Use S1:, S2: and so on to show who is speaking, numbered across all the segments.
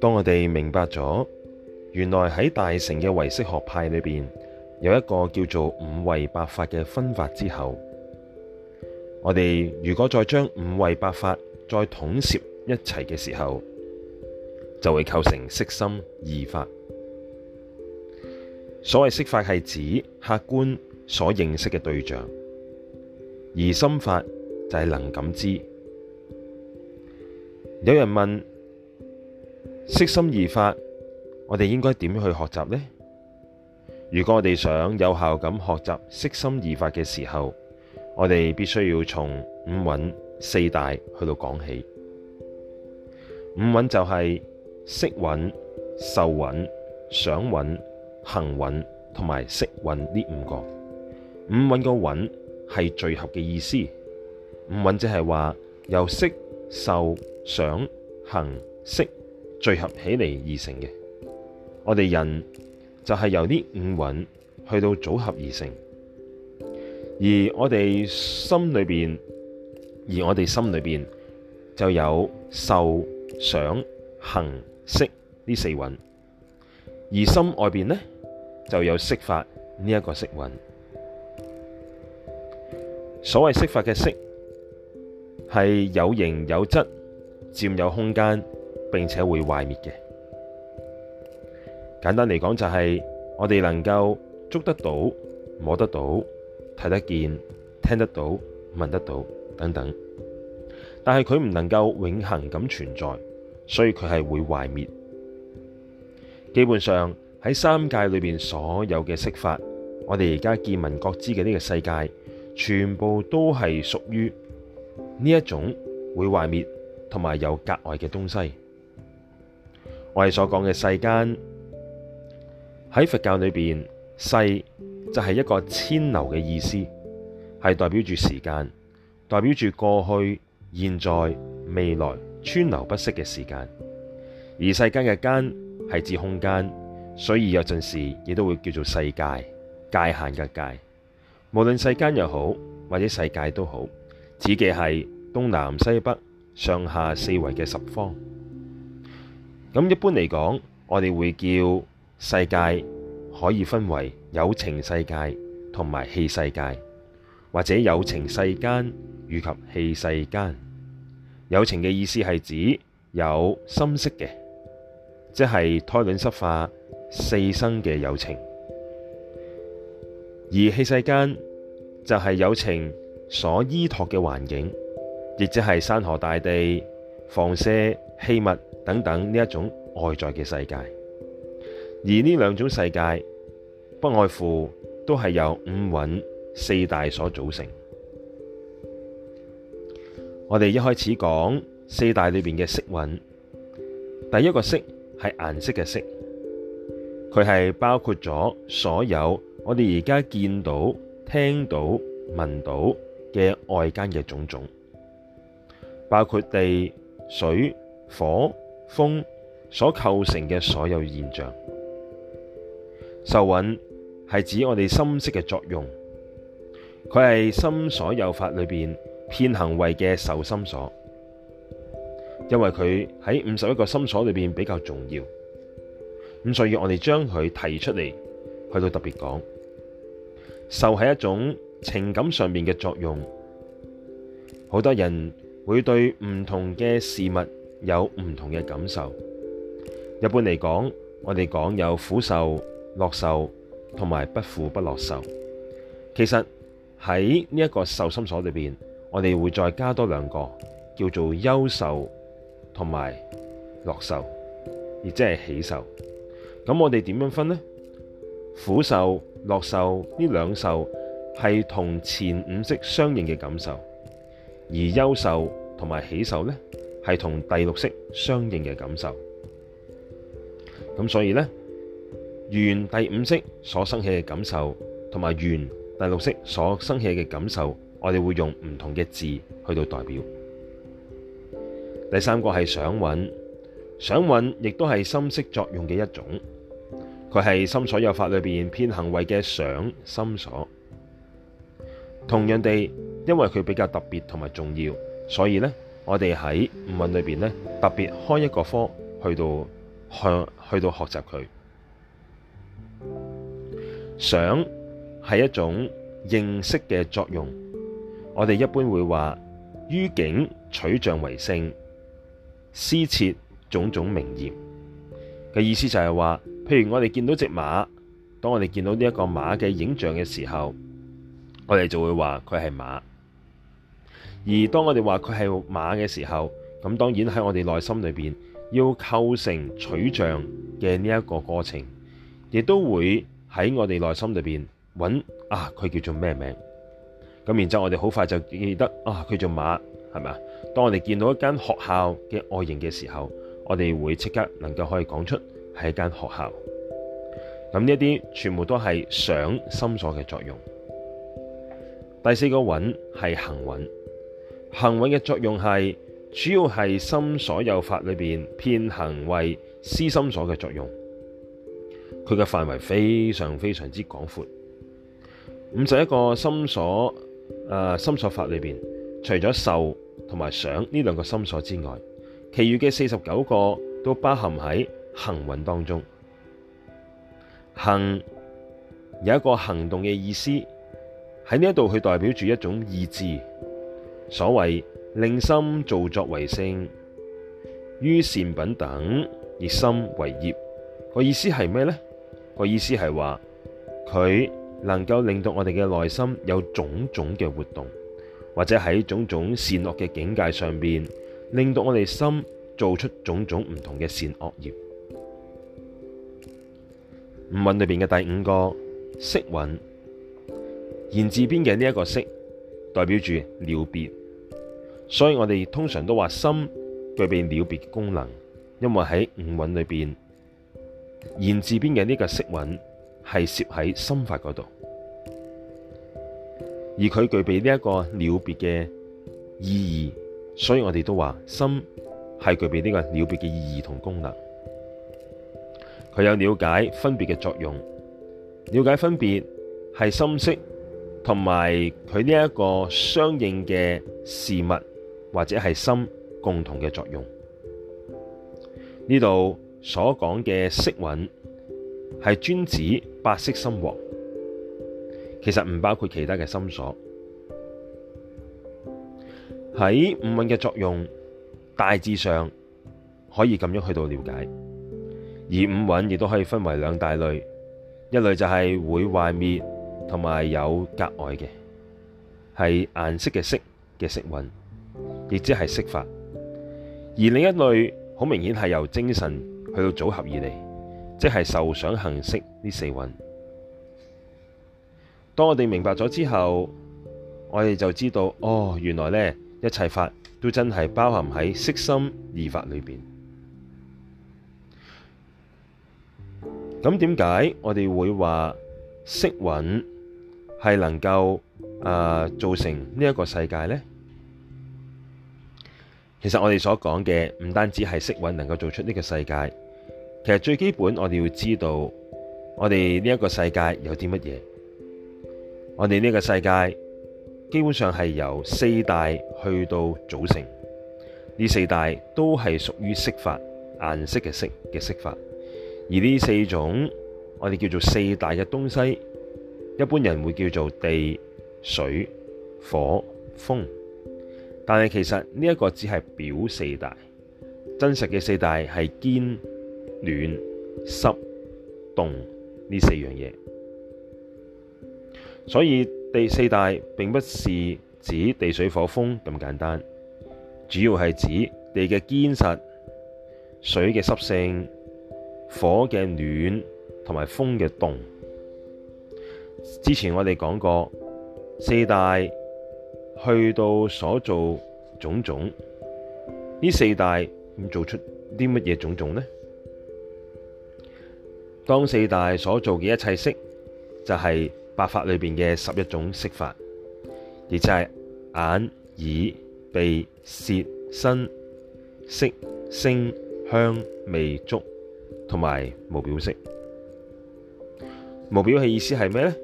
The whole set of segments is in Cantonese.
S1: 當我哋明白咗，原來喺大乘嘅唯識學派裏邊，有一個叫做五位百法嘅分法之後，我哋如果再將五位百法再統攝一齊嘅時候，就會構成色心二法。所謂色法係指客觀。所認識嘅對象，而心法就係能感知。有人問：色心二法，我哋應該點去學習呢？如果我哋想有效咁學習色心二法嘅時候，我哋必須要從五蘊四大去到講起。五蘊就係色蘊、受蘊、想蘊、行蘊同埋識蘊呢五個。五蘊個蘊係聚合嘅意思，五蘊即係話由色、受、想、行、識聚合起嚟而成嘅。我哋人就係由呢五蘊去到組合而成，而我哋心裏邊，而我哋心裏邊就有受、想、行、識呢四蘊，而心外邊呢，就有色法呢一個色蘊。所謂色法嘅色係有形有質，佔有空間並且會壞滅嘅。簡單嚟講，就是，就係我哋能夠捉得到、摸得到、睇得見、聽得到、聞得到等等，但係佢唔能夠永恆咁存在，所以佢係會壞滅。基本上喺三界裏邊所有嘅色法，我哋而家見聞覺知嘅呢個世界。全部都係屬於呢一種會壞滅同埋有格外嘅東西。我哋所講嘅世間，喺佛教裏邊，世就係一個遷流嘅意思，係代表住時間，代表住過去、現在、未來、川流不息嘅時間。而世間嘅間係指空間，所以有陣時亦都會叫做世界，界限嘅界。無論世間又好，或者世界都好，指嘅係東南西北上下四維嘅十方。咁一般嚟講，我哋會叫世界可以分為有情世界同埋器世界，或者有情世間以及器世間。有情嘅意思係指有心識嘅，即係胎卵濕化四生嘅有情。而器世間就係有情所依託嘅環境，亦即係山河大地、房舍器物等等呢一種外在嘅世界。而呢兩種世界，不外乎都係由五蘊四大所組成。我哋一開始講四大裏邊嘅色蘊，第一個色係顏色嘅色，佢係包括咗所有。我哋而家見到、聽到、聞到嘅外間嘅種種，包括地、水、火、風所構成嘅所有現象。受蘊係指我哋心識嘅作用，佢係心所有法裏邊遍行位嘅受心所，因為佢喺五十一個心所裏邊比較重要，咁所以我哋將佢提出嚟，去到特別講。受係一種情感上面嘅作用，好多人會對唔同嘅事物有唔同嘅感受。一般嚟講，我哋講有苦受、樂受同埋不苦不樂受。其實喺呢一個受心所裏邊，我哋會再加多兩個，叫做憂受同埋樂受，亦即係喜受。咁我哋點樣分呢？苦受、樂受呢兩受係同前五識相應嘅感受，而憂受同埋喜受呢係同第六識相應嘅感受。咁所以呢，緣第五識所生起嘅感受同埋緣第六識所生起嘅感受，我哋會用唔同嘅字去到代表。第三個係想蘊，想蘊亦都係心識作用嘅一種。佢係心所有法裏邊偏行為嘅想心所，同樣地，因為佢比較特別同埋重要，所以呢，我哋喺五蘊裏邊呢特別開一個科去到向去，去到學習佢，想係一種認識嘅作用。我哋一般會話於境取象為性，施設種種名言嘅意思就係話。譬如我哋見到隻馬，當我哋見到呢一個馬嘅影像嘅時候，我哋就會話佢係馬。而當我哋話佢係馬嘅時候，咁當然喺我哋內心裏邊要構成取像嘅呢一個過程，亦都會喺我哋內心裏邊揾啊佢叫做咩名。咁然之後我哋好快就記得啊佢做馬係咪啊？當我哋見到一間學校嘅外形嘅時候，我哋會即刻能夠可以講出係一間學校，咁呢啲全部都係想心所嘅作用。第四個蘊係行蘊，行蘊嘅作用係主要係心所有法裏邊遍行為思心所嘅作用。佢嘅範圍非常非常之廣闊。五十一個心所誒、啊、心所法裏邊，除咗受同埋想呢兩個心所之外，其餘嘅四十九個都包含喺。行運當中，行有一個行動嘅意思喺呢一度，佢代表住一種意志。所謂令心造作為性，於善品等，亦心為業。個意思係咩呢？個意思係話佢能夠令到我哋嘅內心有種種嘅活動，或者喺種種善惡嘅境界上邊，令到我哋心做出種種唔同嘅善惡業。五蘊裏邊嘅第五個色蘊，言字邊嘅呢一個色，代表住了別，所以我哋通常都話心具備了別嘅功能，因為喺五蘊裏邊，言字邊嘅呢個色蘊係攝喺心法嗰度，而佢具備呢一個了別嘅意義，所以我哋都話心係具備呢個了別嘅意義同功能。佢有了解分別嘅作用，了解分別係心識，同埋佢呢一個相應嘅事物或者係心共同嘅作用。呢度所講嘅識蘊係專指八識心王，其實唔包括其他嘅心所。喺五蘊嘅作用大致上可以咁樣去到了解。而五蘊亦都可以分為兩大類，一類就係會壞滅同埋有隔礙嘅，係顏色嘅色嘅色蘊，亦即係色法；而另一類好明顯係由精神去到組合而嚟，即係受想行識呢四蘊。當我哋明白咗之後，我哋就知道哦，原來呢一切法都真係包含喺色心二法裏邊。咁點解我哋會話色蘊係能夠啊、呃、造成呢一個世界呢？其實我哋所講嘅唔單止係色蘊能夠做出呢個世界，其實最基本我哋要知道，我哋呢一個世界有啲乜嘢？我哋呢個世界基本上係由四大去到組成，呢四大都係屬於色法，顏色嘅色嘅色法。而呢四種，我哋叫做四大嘅東西，一般人會叫做地、水、火、風。但係其實呢一個只係表四大，真實嘅四大係堅、暖、濕、凍呢四樣嘢。所以地四大並不是指地水火風咁簡單，主要係指地嘅堅實、水嘅濕性。火嘅暖同埋風嘅凍。之前我哋講過四大去到所做種種，呢四大咁做出啲乜嘢種種呢？當四大所做嘅一切色，就係百法裏邊嘅十一種色法，亦就係眼、耳、鼻、舌、身、色、聲、香、味、觸。同埋無表色，無表色意思係咩呢？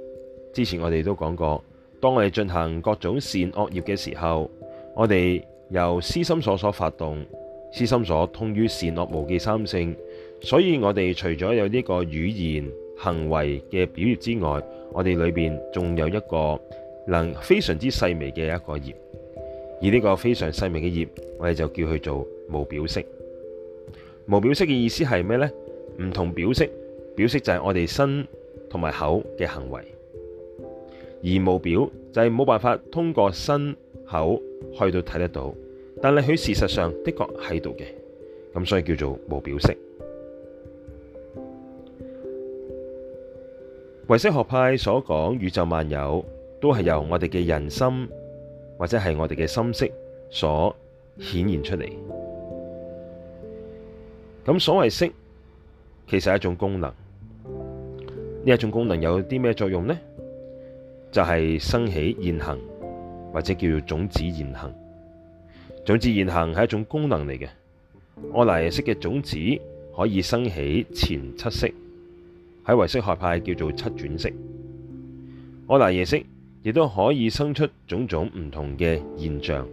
S1: 之前我哋都講過，當我哋進行各種善惡業嘅時候，我哋由私心所所發動，私心所通於善惡無記三性，所以我哋除咗有呢個語言行為嘅表業之外，我哋裏邊仲有一個能非常之細微嘅一個業，而呢個非常細微嘅業，我哋就叫佢做無表色。無表色嘅意思係咩呢？唔同表色，表色就係我哋身同埋口嘅行為，而無表就係冇辦法通過身口去到睇得到，但係佢事實上的確喺度嘅，咁所以叫做無表色。唯識學派所講宇宙萬有，都係由我哋嘅人心或者係我哋嘅心識所顯現出嚟。咁所謂識。其實係一種功能，呢一種功能有啲咩作用呢？就係、是、生起現行，或者叫做種子現行。種子現行係一種功能嚟嘅。阿賴耶識嘅種子可以生起前七識，喺唯識學派叫做七轉識。阿賴耶識亦都可以生出種種唔同嘅現象。呢、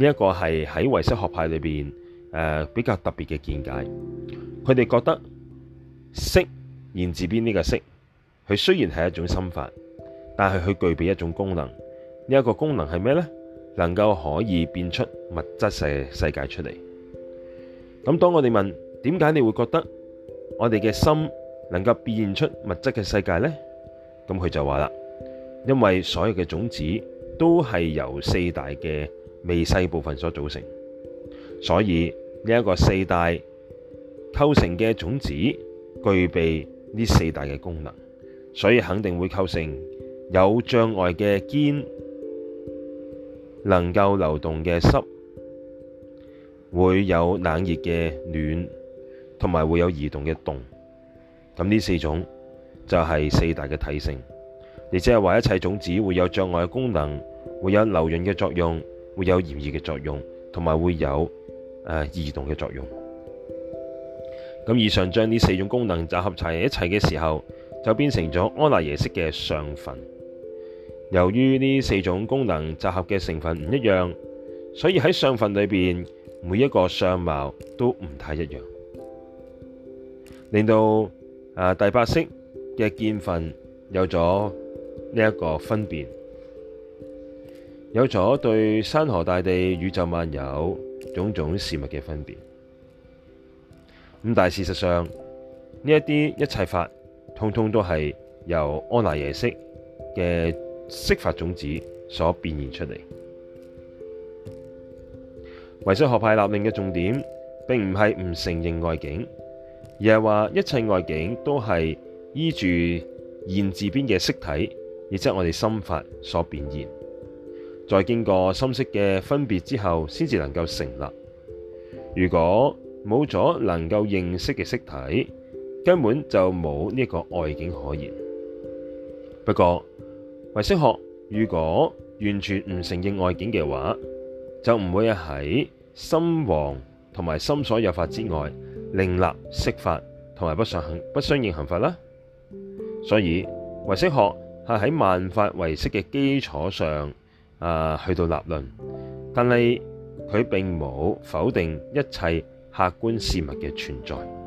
S1: 這、一個係喺唯識學派裏邊誒比較特別嘅見解。佢哋覺得。色，言字邊呢個色，佢雖然係一種心法，但係佢具備一種功能。呢一個功能係咩呢？能夠可以變出物質世界出嚟。咁當我哋問點解你會覺得我哋嘅心能夠變現出物質嘅世界呢？咁佢就話啦，因為所有嘅種子都係由四大嘅微細部分所組成，所以呢一個四大構成嘅種子。具備呢四大嘅功能，所以肯定會構成有障礙嘅堅，能夠流動嘅濕，會有冷熱嘅暖，同埋會有移動嘅動。咁呢四種就係四大嘅體性，亦即係話一切種子會有障礙嘅功能，會有流潤嘅作用，會有炎熱嘅作用，同埋會有誒移動嘅作用。咁以上將呢四種功能集合齊一齊嘅時候，就變成咗阿賴耶識嘅相分。由於呢四種功能集合嘅成分唔一樣，所以喺相分裏邊每一個相貌都唔太一樣，令到啊第八識嘅見分有咗呢一個分別，有咗對山河大地、宇宙萬有種種事物嘅分別。咁但係事實上呢一啲一切法，通通都係由安娜耶識嘅色法種子所變現出嚟。唯識學派立令嘅重點，並唔係唔承認外境，而係話一切外境都係依住現字邊嘅色體，亦即我哋心法所變現，再經過心識嘅分別之後，先至能夠成立。如果冇咗能夠認識嘅色體，根本就冇呢一個外境可言。不過，唯識學如果完全唔承認外境嘅話，就唔會喺心王同埋心所有法之外，另立色法同埋不相不相應行法啦。所以，唯識學係喺萬法唯識嘅基礎上啊、呃，去到立論，但係佢並冇否定一切客觀事物嘅存在。